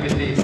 Beleza.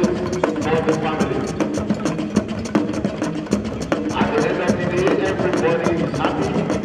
do to the family. At the end of the day, everybody is happy.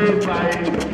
Bye.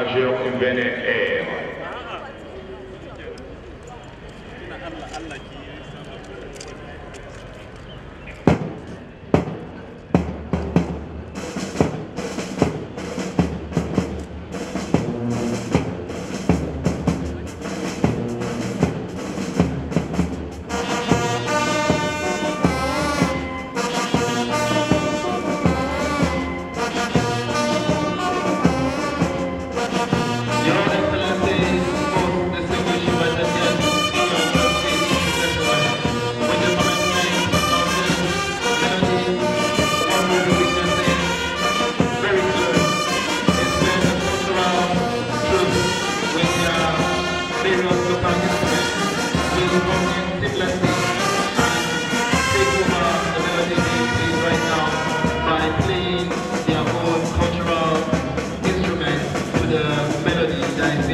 Ageo, ebbene è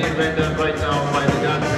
being rendered right now by the gun.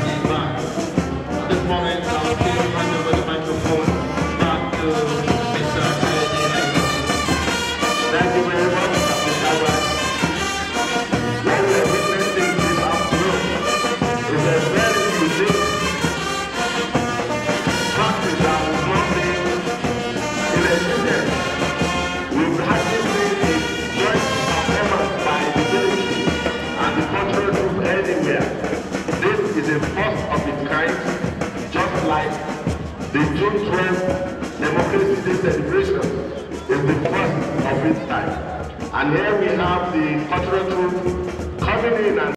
And here we have the cultural troupe